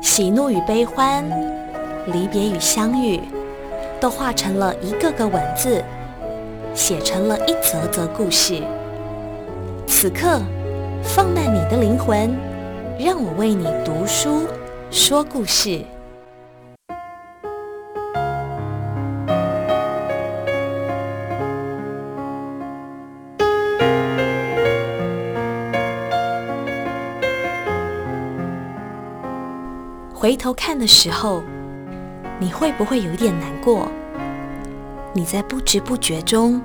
喜怒與悲歡，離別與相遇，都化成了一個個文字，寫成了一則則故事。此刻，放慢你的靈魂，讓我為你讀書，說故事。回頭看的時候，你會不會有點難過？你在不知不覺中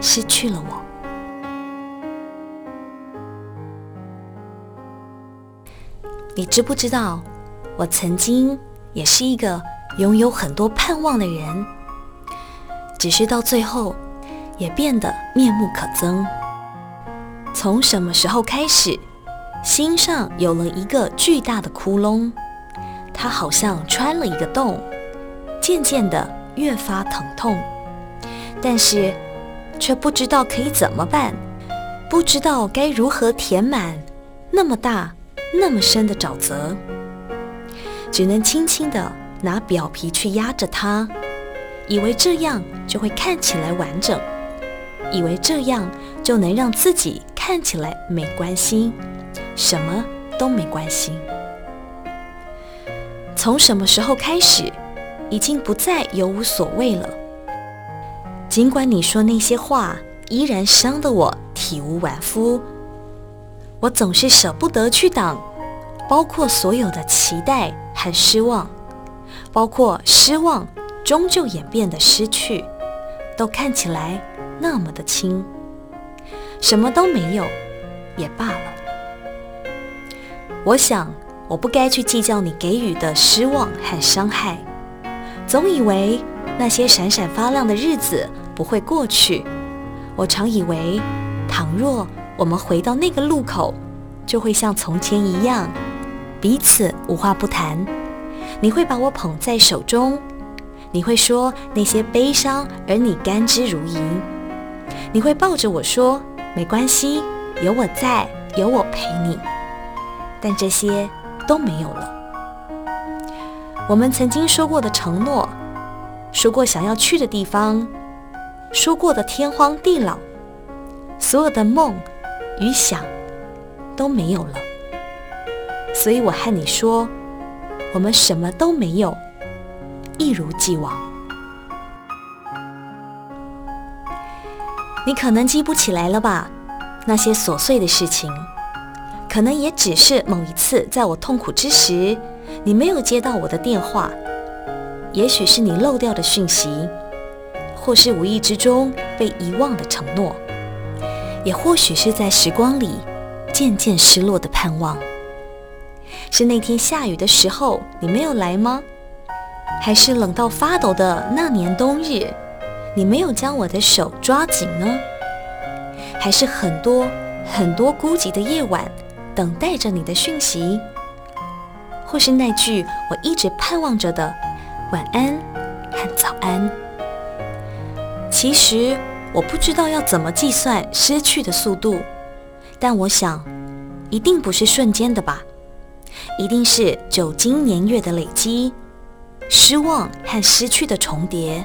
失去了我。你知不知道，我曾經也是一個擁有很多盼望的人，只是到最後也變得面目可憎。從什麼時候開始，心上有了一個巨大的窟窿？它好像穿了一個洞，漸漸的越發疼痛，但是卻不知道可以怎麼辦，不知道該如何填滿那麼大、那麼深的沼澤，只能輕輕的拿表皮去壓着它，以為這樣就會看起來完整，以為這樣就能讓自己看起來沒關係，什麼都沒關係。從什麼時候開始，已經不再有無所謂了。儘管你說那些話，依然傷得我體無完膚。我總是捨不得去擋，包括所有的期待和失望，包括失望終究演變得失去，都看起來那麼的輕，什麼都沒有，也罷了。我想。我不該去計較你給予的失望和傷害，總以為那些閃閃發亮的日子不會過去。我常以為，倘若我們回到那個路口，就會像從前一樣，彼此無話不談。你會把我捧在手中，你會說那些悲傷而你甘之如飴，你會抱着我說沒關係，有我在，有我陪你。但這些。都沒有了。我們曾經說過的承諾，說過想要去的地方，說過的天荒地老，所有的夢與想都沒有了。所以我和你說，我們什麼都沒有，一如既往。你可能記不起來了吧，那些瑣碎的事情。可能也只是某一次，在我痛苦之時，你沒有接到我的電話，也許是你漏掉的訊息，或是無意之中被遺忘的承諾，也或許是在時光裡漸漸失落的盼望。是那天下雨的時候，你沒有來嗎？還是冷到發抖的那年冬日，你沒有將我的手抓緊呢？還是很多很多孤寂的夜晚？等待着你的訊息，或是那句我一直盼望着的晚安和早安。其實我不知道要怎麼計算失去的速度，但我想，一定不是瞬間的吧？一定是久經年月的累積，失望和失去的重疊，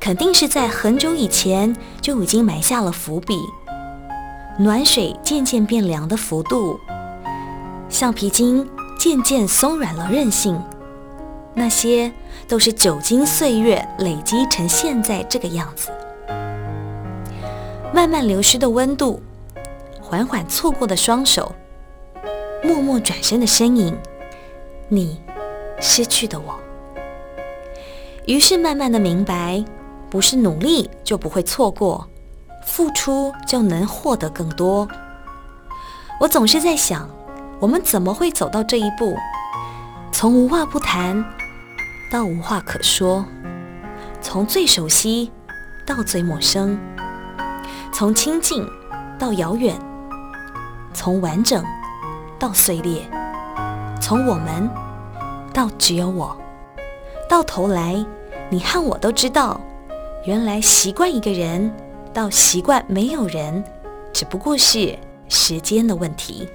肯定是在很久以前就已經埋下了伏筆。暖水漸漸變涼的幅度，橡皮筋漸漸鬆軟了韌性，那些都是久經歲月累積成現在這個樣子。慢慢流失的溫度，緩緩錯過的雙手，默默轉身的身影，你失去的我。於是慢慢的明白，不是努力就不會錯過。付出就能獲得更多。我總是在想，我們怎麼會走到這一步？從無話不談到無話可說，從最熟悉到最陌生，從親近到遙遠，從完整到碎裂，從我們到只有我。到頭來，你和我都知道，原來習慣一個人。到習慣，沒有人，只不過是時間的問題。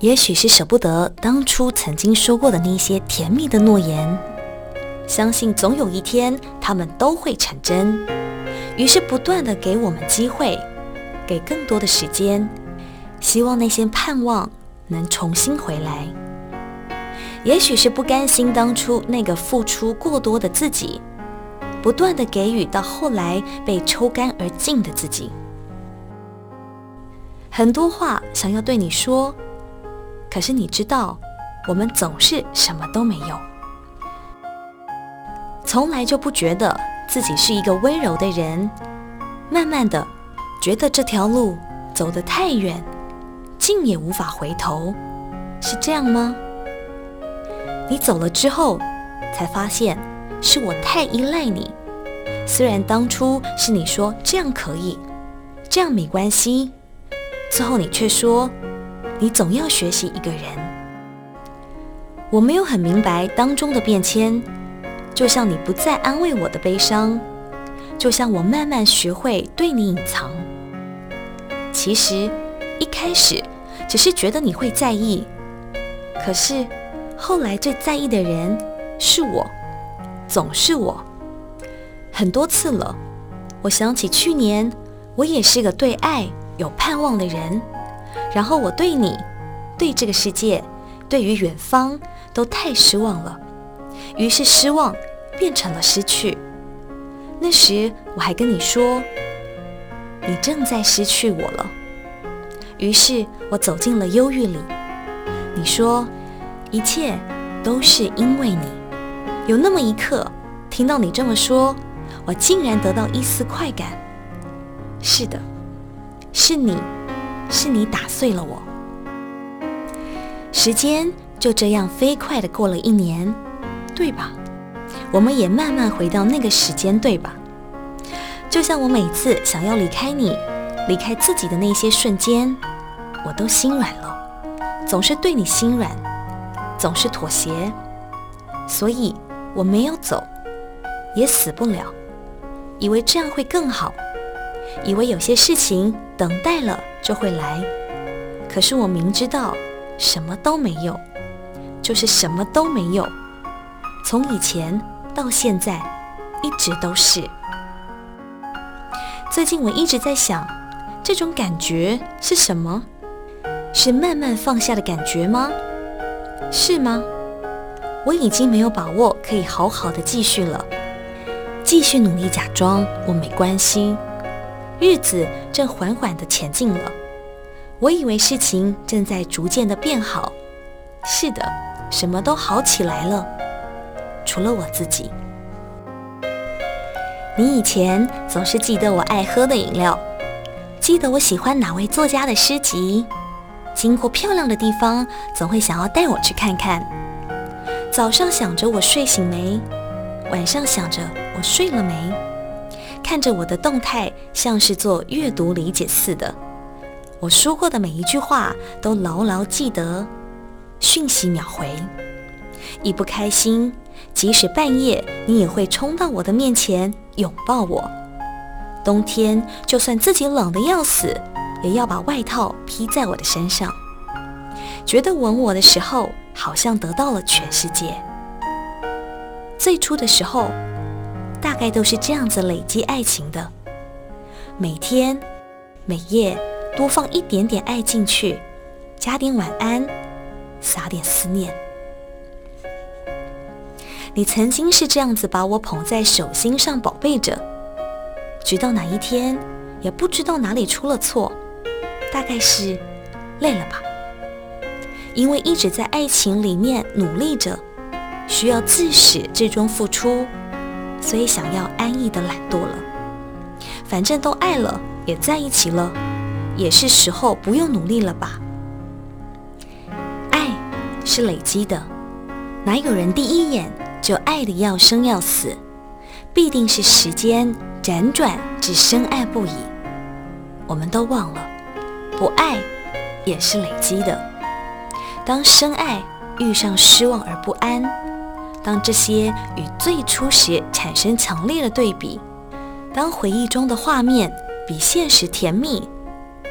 也許是捨不得當初曾經說過的那些甜蜜的諾言，相信總有一天他們都會成真。於是不斷的給我們機會，給更多的時間，希望那些盼望能重新回來。也許是不甘心當初那個付出過多的自己。不斷的給予，到後來被抽乾而淨的自己。很多話想要對你說，可是你知道，我們總是什麼都沒有，從來就不覺得自己是一個溫柔的人。慢慢的，覺得這條路走得太遠，竟也無法回頭，是這樣嗎？你走了之後，才發現。是我太依賴你。雖然當初是你說這樣可以，這樣沒關係。最後你卻說你總要學習一個人。我沒有很明白當中的變遷，就像你不再安慰我的悲傷，就像我慢慢學會對你隱藏。其實一開始只是覺得你會在意，可是後來最在意的人是我。總是我，很多次了。我想起去年，我也是個對愛有盼望的人。然後我對你、對這個世界、對於遠方都太失望了。於是失望變成了失去。那時我還跟你說，你正在失去我了。於是我走進了憂鬱裡。你說，一切都是因為你。有那麼一刻，聽到你這麼說，我竟然得到一絲快感。是的，是你，是你打碎了我。時間就這樣飛快地過了一年，對吧？我們也慢慢回到那個時間，對吧？就像我每次想要離開你、離開自己的那些瞬間，我都心軟了，總是對你心軟，總是妥協，所以。我沒有走，也死不了，以為這樣會更好，以為有些事情等待了就會來，可是我明知道，什麼都沒有，就是什麼都沒有，從以前到現在，一直都是。最近我一直在想，這種感覺是什麼？是慢慢放下的感覺嗎？是嗎？我已經沒有把握可以好好的繼續了，繼續努力假裝我沒關心。日子正緩緩的前進了，我以為事情正在逐漸的變好。是的，什麼都好起來了，除了我自己。你以前總是記得我愛喝的飲料，記得我喜歡哪位作家的詩集，經過漂亮的地方總會想要帶我去看看。早上想着我睡醒沒，晚上想着我睡了沒，看着我的動態像是做閱讀理解似的。我說過的每一句話都牢牢記得，訊息秒回。一不開心，即使半夜你也會衝到我的面前擁抱我。冬天就算自己冷得要死，也要把外套披在我的身上。覺得吻我的時候，好像得到了全世界。最初的時候，大概都是這樣子累積愛情的。每天每夜多放一點點愛進去，加點晚安，撒點思念。你曾經是這樣子把我捧在手心上寶貝着，直到哪一天，也不知道哪裡出了錯，大概是累了吧。因為一直在愛情裡面努力着，需要自始至終付出，所以想要安逸的懶惰了。反正都愛了，也在一起了，也是時候不用努力了吧？愛是累積的，哪有人第一眼就愛得要生要死？必定是時間輾轉至深愛不已。我們都忘了，不愛也是累積的。當深愛遇上失望而不安，當這些與最初時產生強烈的對比，當回憶中的畫面比現實甜蜜，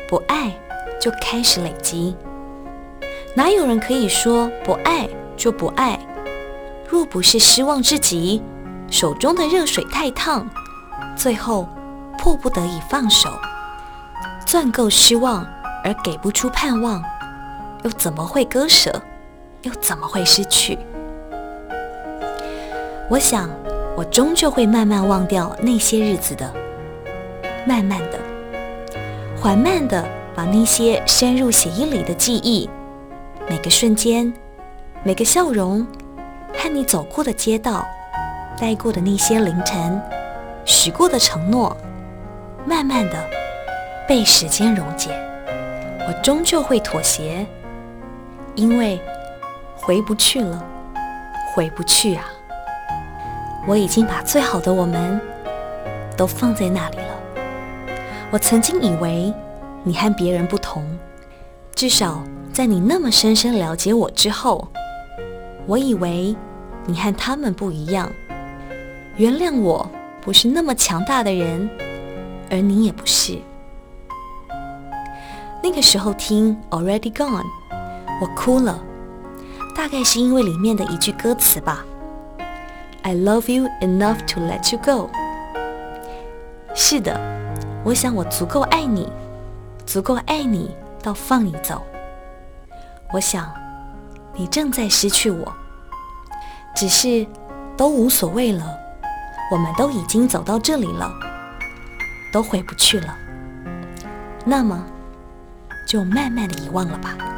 不愛就開始累積。哪有人可以說不愛就不愛？若不是失望至極，手中的熱水太燙，最後迫不得已放手，賺夠失望而給不出盼望。又怎麼會割捨？又怎麼會失去？我想，我終究會慢慢忘掉那些日子的，慢慢的，緩慢的把那些深入血液裡的記憶，每個瞬間，每個笑容，和你走過的街道，待過的那些凌晨，許過的承諾，慢慢的被時間溶解。我終究會妥協。因為回不去了，回不去啊。我已經把最好的我們都放在那裡了。我曾經以為你和別人不同，至少在你那麼深深了解我之後，我以為你和他們不一樣。原諒我不是那麼強大的人，而你也不是。那個時候聽《Already Gone》。我哭了，大概是因為裡面的一句歌詞吧。I love you enough to let you go。是的，我想我足夠愛你，足夠愛你到放你走。我想，你正在失去我，只是都無所謂了，我們都已經走到這裡了，都回不去了，那麼就慢慢的遺忘了吧。